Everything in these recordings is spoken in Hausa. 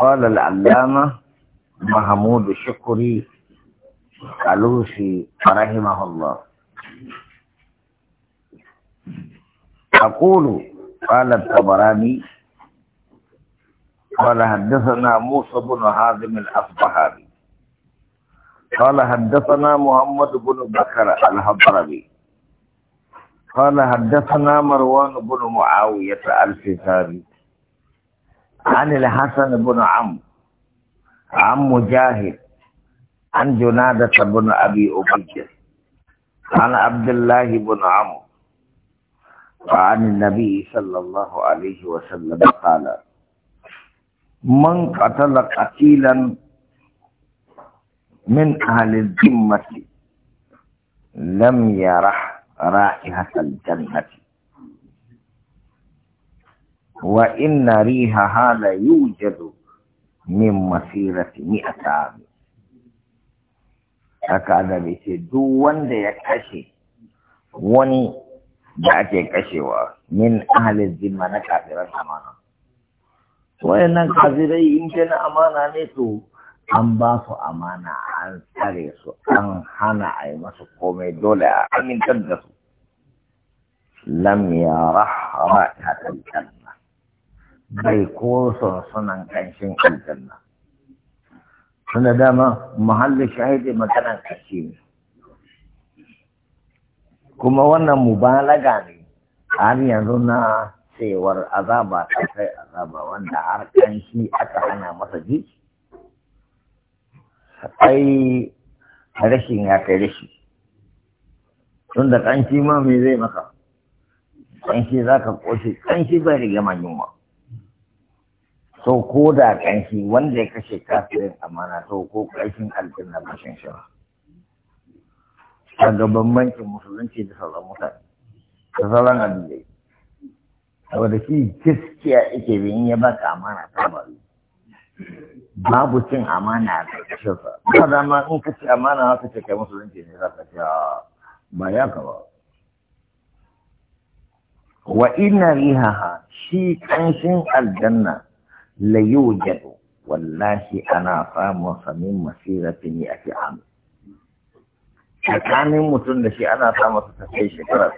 قال العلامة محمود الشكري كالوسي رحمه الله أقول قال الطبراني قال حدثنا موسى بن حازم الأصبهاني قال حدثنا محمد بن بكر الحضرمي قال حدثنا مروان بن معاوية الفزاري عن الحسن بن عم عن مجاهد عن جنادة بن أبي أبي عن عبد الله بن عم وعن النبي صلى الله عليه وسلم قال من قتل قتيلا من أهل الذمة لم يرح رائحة الجنة wa inna riha hala yujadu min masirati a ami haka annabi ce duk wanda ya kashe wani da ake kashewa min ahalin zimma na kafiran amana nan kafirai in ke na amana ne to an ba su amana an tsare su an hana a yi masu komai dole a amintar da su lam ya rahama ta bai ko sunan ƙanshin aljanna tunda dama muhallin shahidi maganan kashi ne kuma wannan mubalaga ne har yanzu na cewar azaba ta kai azaba wanda har ƙanshi aka hana masa ji ai rashin ya kai rashi tunda ƙanshi ma me zai maka ƙanshi za ka ƙoshi ƙanshi bai rage ma yunwa to ko da ƙanshi wanda ya kashe kafirin amana to ko ƙanshin na ba shi A gaban bambancin musulunci da sauran mutane da sauran addinai da shi gaskiya yake bin ya baka amana ta bari babu cin amana a ƙarƙashin sa ba ma in ka ci amana a ce kai musulunci ne za ka ce ah, ba ya ka ba wa inna rihaha shi ƙanshin aljanna ليوجد والله أنا قام وصميم مسيرة مئة عام شكاني متن لشي أنا قام وصميم شكرا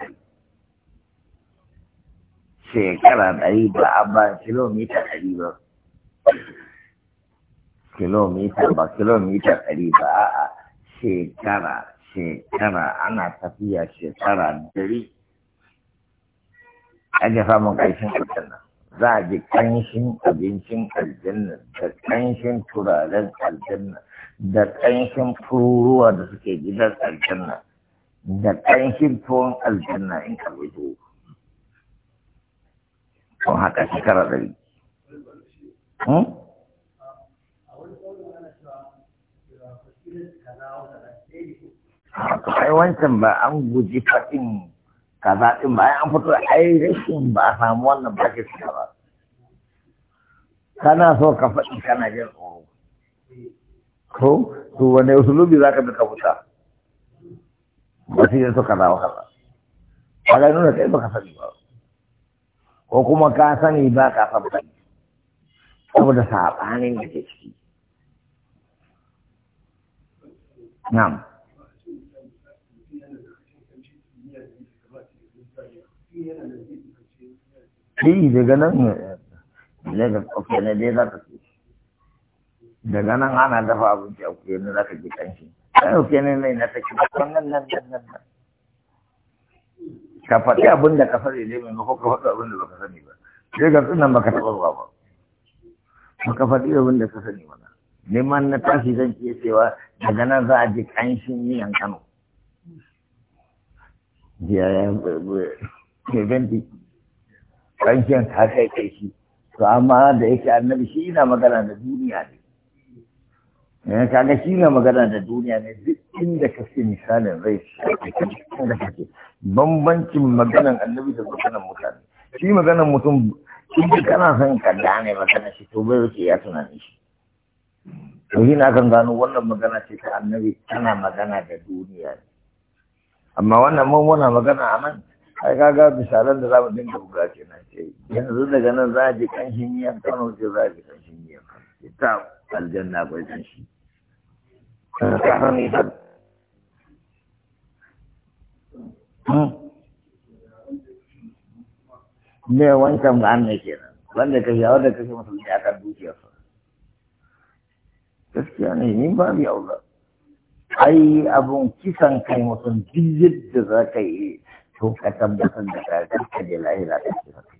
في شكرا أريد أبا كيلومتر أريد كيلومتر با كيلومتر أريد شكرا شكرا أنا تفيا شكرا دري أجي فامو كيشن كتنا za a ji ƙanshin abincin aljanna da ƙanshin turaren aljanna da ƙanshin fururuwa da suke gidan aljanna da ƙanshin tuwon aljanna in karbi tuwo haka shekara ɗari hmm? a wancan ba an guji faɗin kaza din bayan an fito ai rashin ba a samu wannan ba ke suka ba kana so ka faɗi kana jin tsoro ko to wane usulubi za ka bi ka fita wasu yin suka zawa kaza ba ga nuna kai ka sani ba ko kuma ka sani ba ka sani saboda saɓanin da ke ciki na'am shi daga nan daga kofi ne dai za ka ce daga nan ana dafa abinci a kuke ne za ka ji kanshi ɗan kofi ne ne na ta ci nan nan nan nan nan ka faɗi abin da ka sani ne maimako ka faɗi abin da ba ka sani ba sai ga tsunan ba ka taɓa zuwa ba ba ka faɗi abin da ka sani ba neman na tashi zan iya cewa daga nan za a ji kanshin miyan kano Yeah, yeah, mai bandi rancen ta kai kai shi to amma da yake annabi shi yana magana da duniya ne eh, kaga shi yana magana da duniya ne duk inda ka ce misalin rai bambancin maganan annabi da maganan mutane shi maganan mutum in kana son ka gane maganar shi to bai wuce ya tunani shi to shi na kan gano wannan magana ce ta annabi tana magana da duniya amma wannan mun muna magana a nan ai kaga misalan da za mu dinga buga ce na ce yanzu daga nan za a ji kanshin miyan kano ce za a ji kanshin miyan Ita aljanna bai kanshi shi hmm? ne me wancan ba ne nan. wanda ka shawar da kashe mutum ne dukiyar dukiyarsa gaskiya ne ni ba yau ba. ai abun kisan kai mutum jirgin da za ka yi to ka tabbatar da kayan ka je lahira ta kisan kai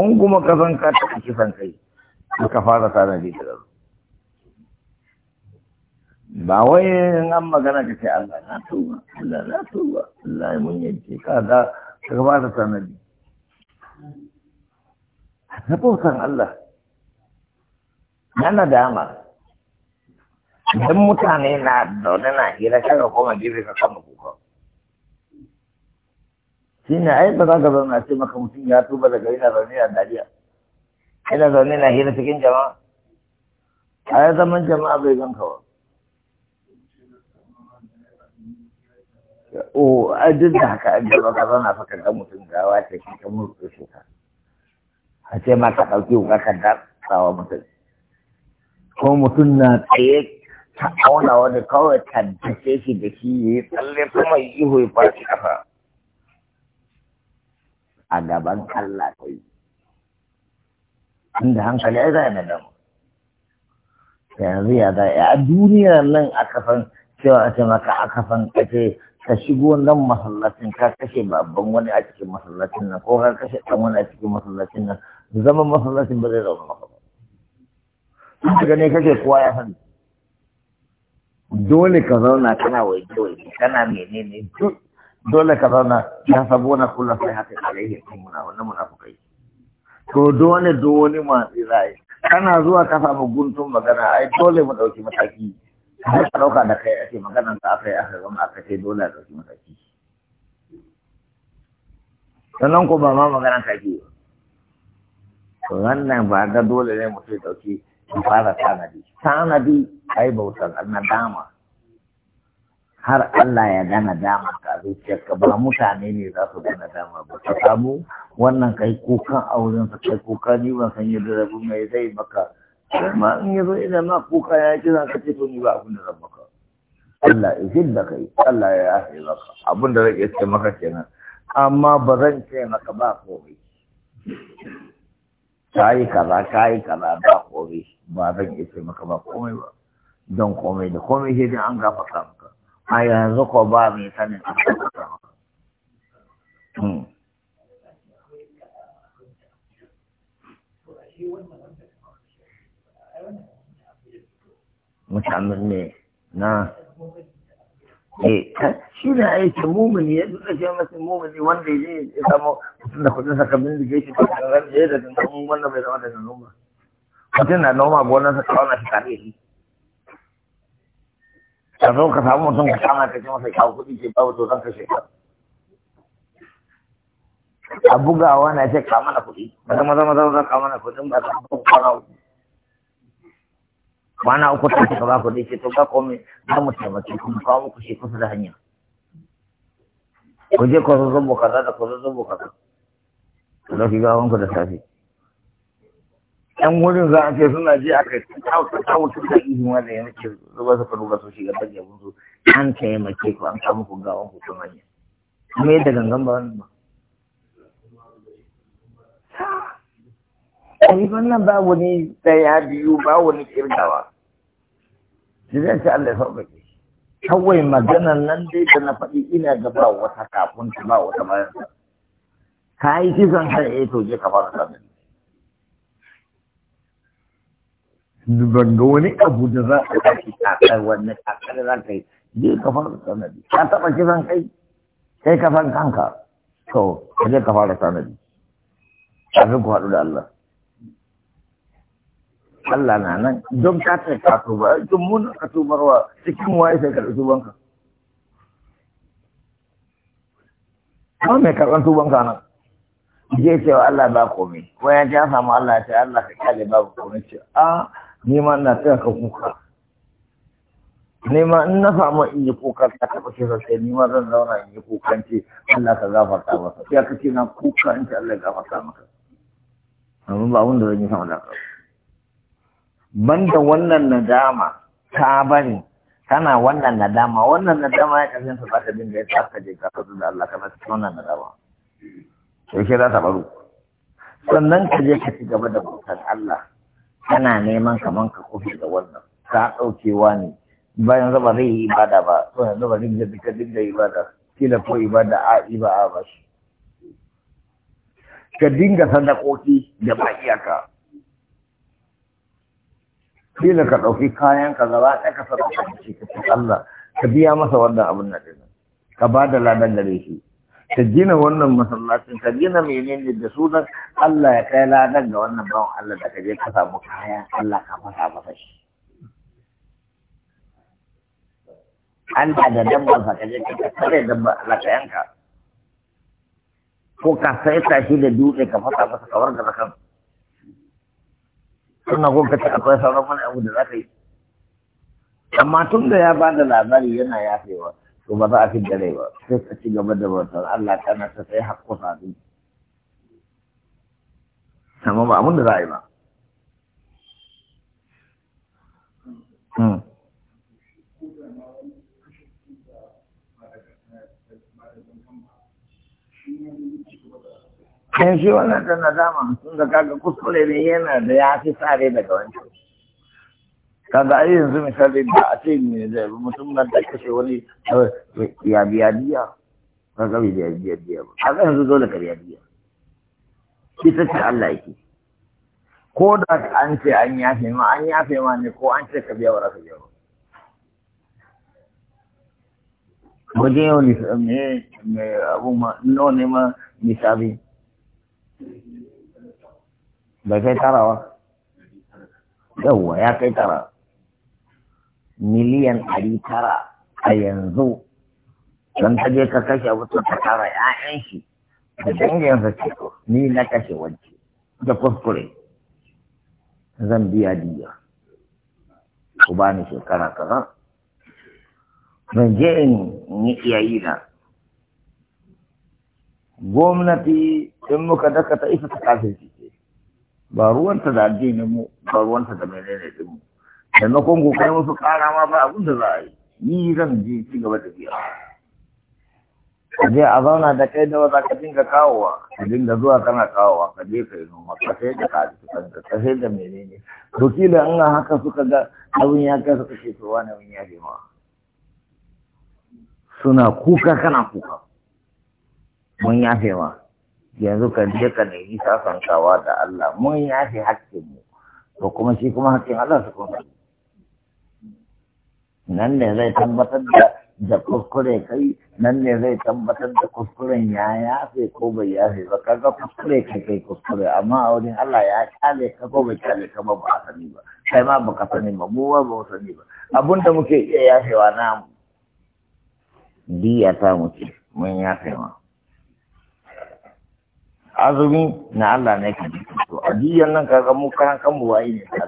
in kuma ka san ka taɓa kisan kai ka fara tanadi da rasu ba wai in an magana ka ce Allah na tuba Allah na tuba Allah mun yanke ka da ka fara tanadi na bautan Allah na nadama idan mutane na zaune na hira kaga koma gefe ka kama ku shi ne ai ba za ka zauna ce maka mutum ya tuba daga yana zaune a dariya yana zaune na hira cikin jama'a a ya zaman jama'a bai gan kawa o a duk da haka an jama'a ka zauna fa ga mutum gawa ce shi ka murɗe shi ka a ce ma ka ɗauki wuka ka dasawa mutum ko mutum na tsaye ta auna wani kawai ta dace shi da shi ya yi tsalle kuma yi ihu ya shi kafa a gaban Allah ta yi inda hankali ai za a nadama yanzu ya za a duniyar nan a kafan cewa a ce maka a kafan kace ka shigo nan masallacin ka kashe babban wani a cikin masallacin nan ko ka kashe ɗan wani a cikin masallacin nan zaman masallacin ba zai zauna maka ba daga ne kake kowa ya san. dole ka zauna kana waje waje kana menene duk dole ka zauna ya sabo na kula sai haka alaihi muna wannan munafukai to dole dole ma zai kana zuwa ka samu guntun magana ai dole mu dauki mataki har ka dauka da kai ake magana ta aka yi aka gama aka ce dole a dauki mataki sannan ko ba ma maganar ka ke to wannan ba ga dole ne mutum ya dauki fara tanadi tanadi ai bautan annadama dama har Allah ya gana dama ka zuciyarka ba mutane ne za su gana dama ba ka samu wannan kai kukan auren sa kai kuka ni ban san yadda rabu mai zai maka amma in yazo idan ma kuka ya kira ka ce to ni ba abin da zan maka Allah ya zilla kai Allah ya yafe maka abin da zai ce maka kenan amma ba zan ce maka ba komai kayi kaza kayi kaza ba komai ba zan ce maka ba komai ba don komai da komai sai an gafa maka. a yanzu ko ba mai sanin mutanen ne na eh shi ne aiki mumuni ya duka ce masu mumuni wanda ya je ya samu mutum da kudin saka shi ta kankan da ya da wanda bai zama da noma mutum na noma gonar sa kawo na shi kare shi ka zo ka samu mutum ka kama ka ce masa kawo kuɗi ce ba wato zan kashe ka a bugawa na ce kama na kuɗi maza maza maza zan kama na kuɗi ba za ka kwana uku kwana uku ta ce ka ba kuɗi ce to ka komai za mu taimake kuma kawo muku shi kusa da hanya ku je ko zo zo bukata da ko zo zubo kaza ku ɗauki gawanku da safe yan wurin za a ce suna ji a kai ta wuce ta ihin wanda ya nake zuba su faru su shiga bage su an taimake ku an samu ku gawa ku kuma ne kuma yadda gangan ba wani ba Ayi, wannan ba wani ɗaya biyu ba wani kirgawa shi zai ce Allah ya sauka ke. kawai maganan nan dai da na faɗi ina ga ba wata kafin ta ba wata bayan ta ka yi kisan kai eh to je ka fara sanin banga wani abu da za ka tashi kakar wani kakar za ka yi je ka fara sanadi ka taɓa kisan kai kai ka san kanka to ka je ka fara sanadi kafin ku haɗu da Allah Allah na nan don ka ce ka tuba don mun ka tubarwa cikin waye sai ka tubanka ka mai karɓar banka nan je cewa Allah ba komai ko ya ja samu Allah ya ce Allah ka kyale babu komai ce a ah, Nema ina taya ka kuka Nema in na samu in yi kuka ta taɓa ce sosai Nema zan zauna in yi kuka ce Allah ka gafarta masa ya ka ce na kuka in ce Allah ya gafarta maka amma ba wanda zan yi sama da ka banda wannan nadama ta bari kana wannan nadama wannan nadama ya kasance ba ta bin da ya tsaka je ka da Allah kana cikin wannan nadama ke za ta baro sannan ka je ka ci gaba da bautar Allah kana neman kaman ka kufi da wannan ka ɗaukewa ne bayan zaba zai yi ibada ba yanzu ba zai bi ka dinga ibada kila ko ibada a iba a ba shi ka dinga sadakoki da ba iyaka kila ka ɗauki kayan ka zaba ɗaya ka shi ka ci Allah ka biya masa wannan abin nan ka ba da ladan gare shi ka gina wannan masallacin ka gina menene da sunan Allah ya kai ladan ga wannan bawan Allah da ka je ka samu kayan Allah ka fasa masa shi an da da ba ka je ka tare ba Allah ka yanka ko ka sai ta shi da dutse ka fasa masa kawar da kan suna ko ka ta akwai sauran wani abu da za ka yi amma tun da ya ba da labari yana yafewa to ba za a fi dare ba sai ka ci gaba da bautar Allah kana ta sai hakkusa din amma ba abin da za a yi ba Kan hmm. shi wannan da nadama sun da kaga kuskure ne yana da ya fi tsare daga wancan. kaga ai yanzu misali da a ce mutum nan da kashe wani eh, ya biya biya kaga bai biya biya diya ba kaga yanzu dole ka biya diya ita ce Allah yake ko da an ce an yafe ma an yafe ma ne ko an ce ka biya wa raka biya ba waje yau ne me me abu ma no ne ma misali? bai kai tarawa yawwa ya kai tarawa miliyan ɗari tara a yanzu don ta je ka kashe mutum ta tara ‘ya'yan shi da danginsa ce ni na kashe wance da kuskure zan biya diya ku ba ni shekara kaza zan je in yi iyayi na gwamnati in muka daka ta isa ta kafin ba ruwanta da addinin mu ba ruwanta da menene din mu sannan ku kai musu kara ma ba abin da za a yi ni zan ji ci gaba da biya je a zauna da kai da wata ka dinga kawowa ka dinga zuwa kana kawowa ka je ka yi noma ka sai da ka ka sai da menene to kila in haka suka ga abin ya kai suka ce to wani abin ya ma suna kuka kana kuka mun yafe ma yanzu ka je ka nemi sasantawa da Allah mun yafe hakkin mu to kuma shi kuma hakkin Allah su kuma nan ne zai tabbatar da da kuskure kai nan ne zai tabbatar da kuskuren ya yafe ko bai yafe ba kaga kuskure kai kai kuskure amma a wurin Allah ya kyale ka ko bai kyale ka ba ba sani ba kai ma ba ka sani ba mu ba ba sani ba abun da muke iya yafewa na diya ta muke mun yafe ma azumi na Allah ne ka ji to a diyan nan kaga mu karan kanmu waye ne ka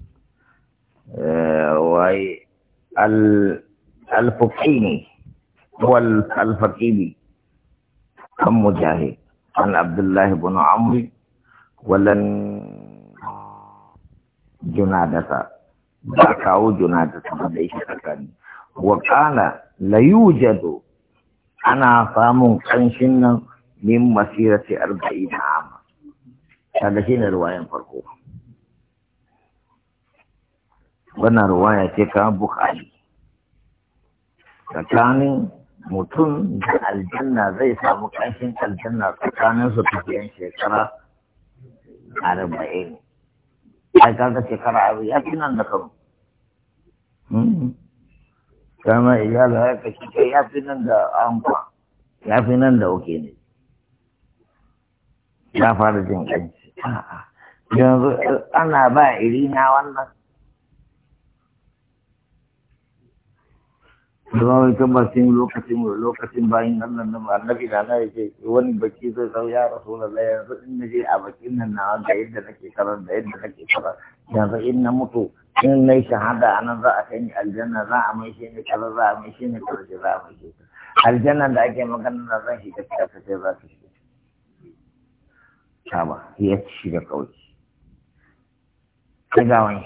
وهي الفقيني هو الفقيني ام مجاهد عن عبد الله بن عمرو ولن جنادة ذاكاو جنادة ليس كان وقال لا يوجد أنا فامون كنشن من مسيرة أربعين عاما هذا هنا رواية فرقوه wannan ruwaya ce ka bukhari tsakanin mutum da aljanna zai samu ƙanshin aljanna tsakanin su tafiyan shekara arba'in ai kaga shekara abu ya fi nan da kano hmm. kama iyala ya kashi kai ya fi nan da amfa ya fi nan da oke ne ya fara jin ƙanci. yanzu ana ba irina wannan zama tabbacin lokacin lokacin bayan Allah na annabi na na yake wani baki zai zau ya rasulullahi yanzu in naje a bakin nan na ga yadda nake karar da yadda nake karar yanzu in na mutu in na shahada nan za a kai ni aljanna za a mai shi ne karar za a mai shi ne karar za a mai shi aljanna da ake magana na zan shiga ta sai za ta shiga kaba ya shiga kawai sai ga wani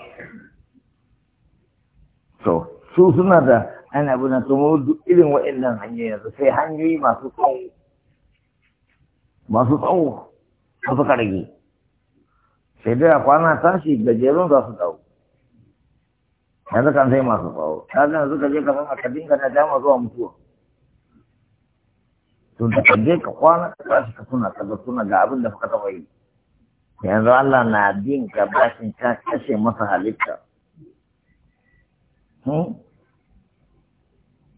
su suna da ana abu na tumo duk irin waɗannan hanyoyi yanzu sai hanyoyi masu tsawo masu tsawo ba suka rage sai dai a kwana tashi gajerun za su tsawo. yanzu kan sai masu tsawo kaga yanzu ka je ka san ka dinga na dama zuwa mutuwa to da ka je ka kwana ka tashi ka suna ka ga suna ga abin da ka taɓa yi yanzu Allah na bin ka bashin ka kashe masa halitta hmm?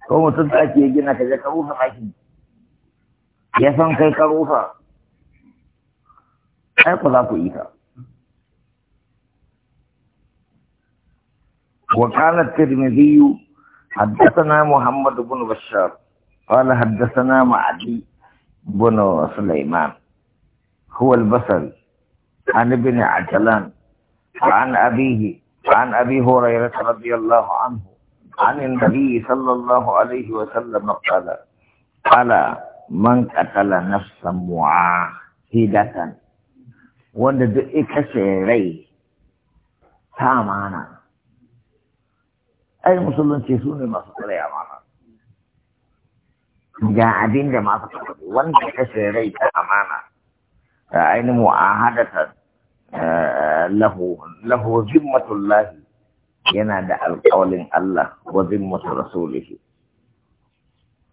ko mutum da ake gina ka je ka ya san kai ka rufa ai ku za ku yi ka وقال الترمذي حدثنا محمد بن بشار قال حدثنا معدي بن سليمان هو البصري عن ابن عجلان عن أبيه عن أبي هريرة رضي الله عنه عن النبي صلى الله عليه وسلم قال قال من قتل نفسا معاهدة وند دئك سيري تامانا أي مسلم تسوني ما سكر يا مانا جاء دين ما وند دئك سيري تامانا أين معاهدة آه، له له ذمة الله yana da alƙawalin Allah wa zimmatu rasulihi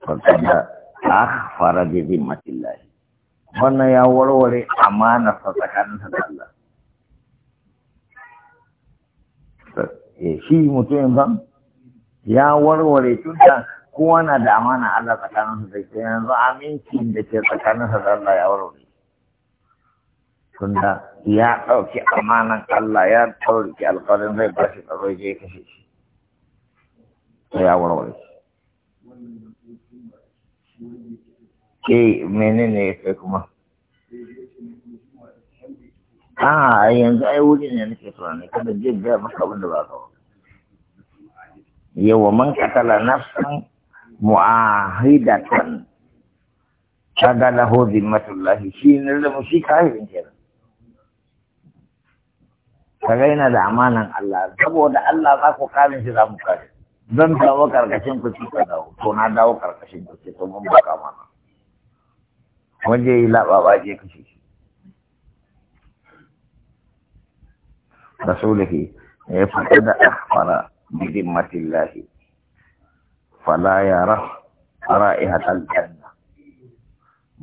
fara akhfara bi zimmatillah wannan ya warware amana sa tsakanin sa da Allah eh, shi mutumin ban ya warware tunda kowa na da amana Allah tsakanin sa da yanzu aminci da ke tsakanin sa da Allah ya warware tunda ya ɗauki amanan Allah ya ɗauki alƙawarin zai ba shi tsaro je kashe shi ya warware ke menene ya kai kuma a yanzu ai wuri ne nake tunani kada jin gaya maka abin da ba ka yawa man katala nafsan mu'ahidatan kaga lahu zimmatullahi shi ne da mu shi kafirin kenan kaga yana da amanan Allah saboda Allah za ku kamin shi za mu kare zan dawo karkashin ku ci ka dawo to na dawo karkashin ku ci to mun baka mana wanda yi lababa je kashe shi rasulihi ya fada da akhbara bi dimmatillahi fala ya ra yara ra'ihatal janna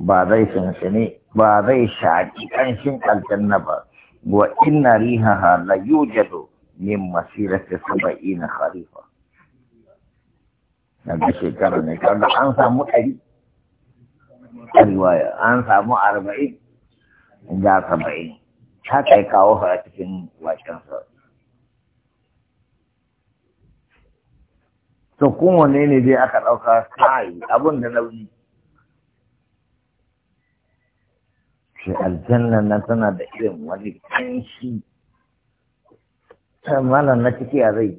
ba zai shinshini ba zai shaƙi ƙanshin aljanna ba wa inna rihaha la yujadu min masirati saba'ina kharifa daga shekara ne kaga an samu ɗari a riwaya an samu arba'in da saba'in ta kai kawo a cikin wakensa to kowane ne dai aka ɗauka kai abin da nauyi shi aljanna nan tana da irin wani kanshi malam na ciki a zai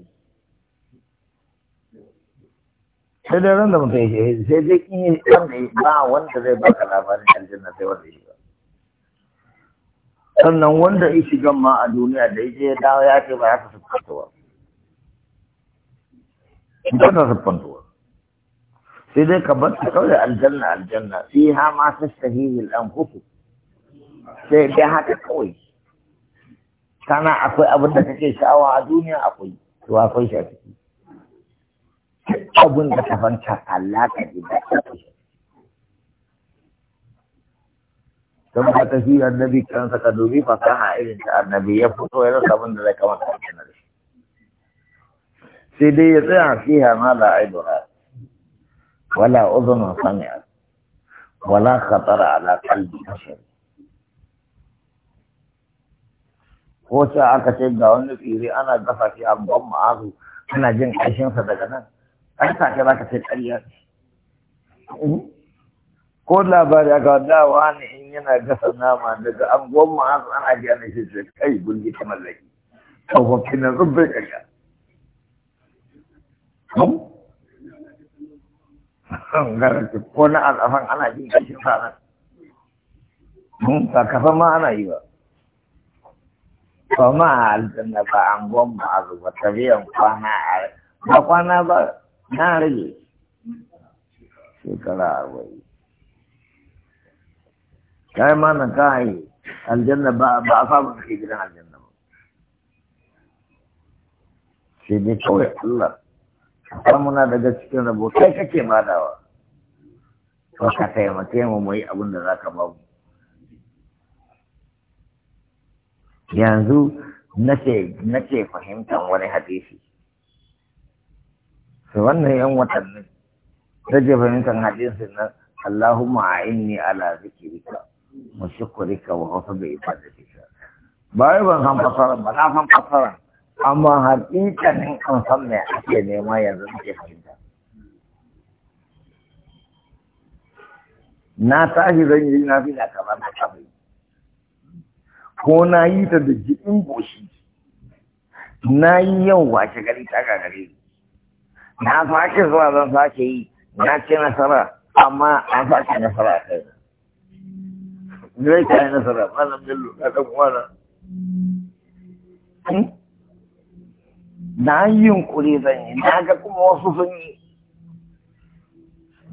sai dai ran da mutum ya sai dai kin yi wanda ya ba wanda zai baka labarin aljanna sai wanda ya shiga sannan wanda ya shiga ma a duniya da ya je ya dawo ya ce ba ya ta siffantuwa ba ta fantuwa sai dai ka bar ta kawai aljanna aljanna fi ha ma ta shahihil an kuku sai dai haka kawai kana akwai abin da kake sha'awa a duniya akwai to akwai shi a ciki abin da ka fanta Allah ka ji da shi don ba ta shi annabi kansa ka dubi fasaha irin ta annabi ya fito ya rasa abin da zai kamata a cikin shi sai dai ya tsaya fiha ma la aibura wala uzunun sami'a wala khatara ala qalbi bashari ko sai aka ce ga wani tsire ana gafa shi a gwan ma'azu ana jin ƙarshensa daga nan an sake za ka ce ƙarya eh? ko labari aka dawa wani in yana gasa nama daga an gwan ma'azu ana ji ana shi ce kai gulgi ta mallaki tsofaffi na zubbai ƙarya hmm? ko na al'afan ana jin ƙarshen sa nan hmm, ba kafa ma ana yi ba ba ma aljanna ba an gwamma a zuba tafiyan kwana a ba kwana ba na rage shekara arba'in kai ma na kai aljanna ba ba a samu ke gidan aljanna ba sai dai kawai Allah har muna daga cikin rabo kai kake dawa? Ba ka taimake mu mu yi abin da zaka ba mu yanzu nake ce fahimtar wani hadisi su wannan yan watanni nake fahimtar na, na Allahumma a'inni ala zikrika wa shukrika wa husni ibadatika bai ban san fasara ba na san fasara amma hakikanin an san me ake nema yanzu nake fahimta na tashi zan yi na fi da kamar da kamar ko na yi ta da jikin goshi na yi yau washe gari ta gagare na sake zuwa zan sake yi na ce nasara amma an sake nasara kai zai yi nasara malam bello na dan uwana hmm? na yi kuri zan yi na ga kuma wasu sun yi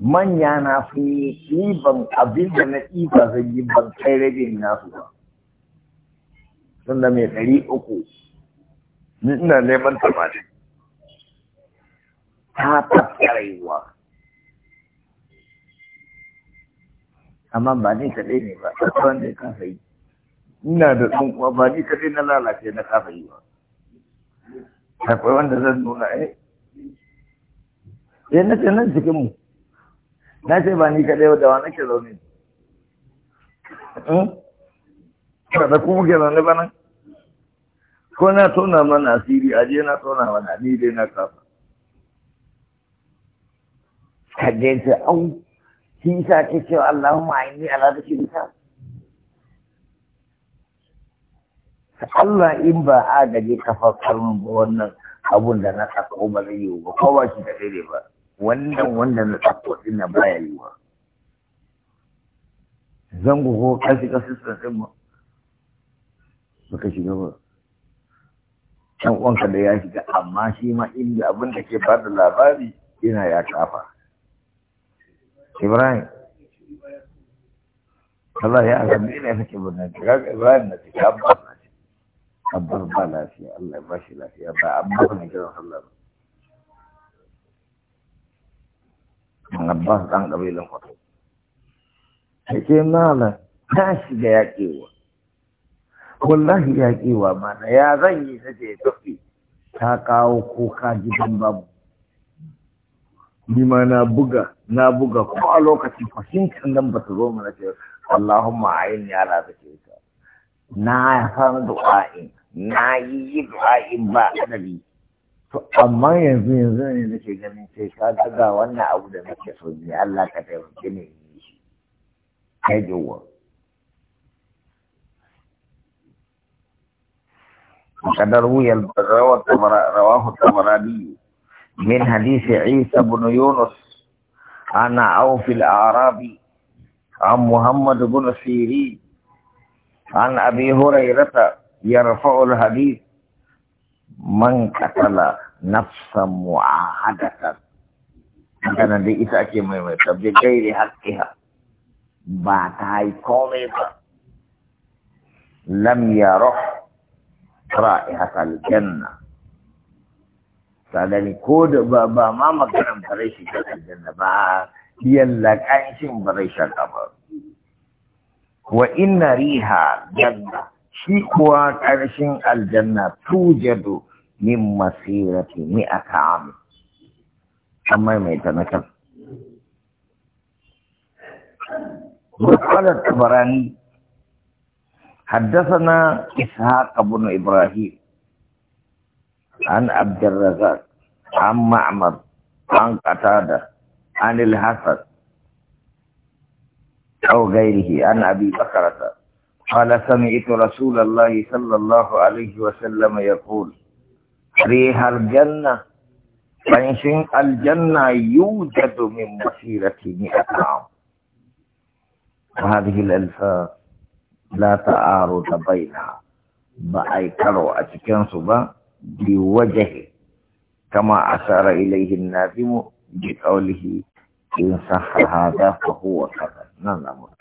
manya na sun yi ban abin da na ba zan yi ban kai rabin nasu ba tun mai ɗari uku ni ina neman tamanin ta tafka rayuwa amma ba ni kaɗai ne ba ɗan da kafa yi ina da ɗan uwa ba ni kaɗai na lalace na kafa yi ba akwai wanda zan nuna eh eh na ce nan cikin na ce ba ni kaɗai da wa ke zaune hmm? ba na kuma ke zaune ba nan ko na tona mana asiri aje na tona mana ni dai na kafa kaje ta au shi sa ke cewa Allahumma inni ala dhikrika Allah in ba a gaje kafar mun ba wannan abun da na tsako ba zai yi ba ko ba shi da daidai ba wannan wanda na tsako din na baya yiwa zango ko kashi kasi sun ba baka shiga ba can uwanka da ya shiga amma shi ma inda abin da ke bada labari yana ya kafa ibrahim Allah ya azabi ne take bunan ga ibrahim na ta abba na ce abba ba lafiya Allah ya ba shi lafiya ba abba ne kiran Allah ba Abbas dan kabilan kwato. Sai ke mala ta shiga yaƙewa. wallahi ya kewa mana ya zan yi ta je tafi ta kawo kuka gidan babu ma na buga na buga ko a lokacin fahimtar nan ba ta zo mana ce Allahumma ayin yara da ke ta na san du'a'in na yi du'a'in ba adadi to amma yanzu yanzu ne nake ganin sai ka daga wannan abu da nake so ne Allah ka taimake ne yi shi kai jowa وقد روي رواه الطبراني من حديث عيسى بن يونس عن عوف الأعرابي عن محمد بن سيري عن أبي هريرة يرفع الحديث من قتل نفسا معاهدة كان دي إذا كمي بغير حقها باتاي كوميبا لم يرح رائحه Janna. sadani ko da ba ba ma magana ba shi ga aljanna ba biyan lakancin ba rai shan kaba wa inna riha janna shi kuwa karshen aljanna tujadu min masirati mi aka amu an maimaita na kan Mutsalar tabarani حدثنا إسحاق بن إبراهيم عن عبد الرزاق عن معمر عن قتادة عن الحسن أو غيره عن أبي بكرة قال سمعت رسول الله صلى الله عليه وسلم يقول ريح الجنة فإن الجنة يوجد من مسيرة مئة عام وهذه الألفاظ la ta'aru ta baina ba a yi karo a cikin su ba bi wajahi kama asara ilaihi nazimu bi qawlihi in sahha hadha fa huwa kaza nan na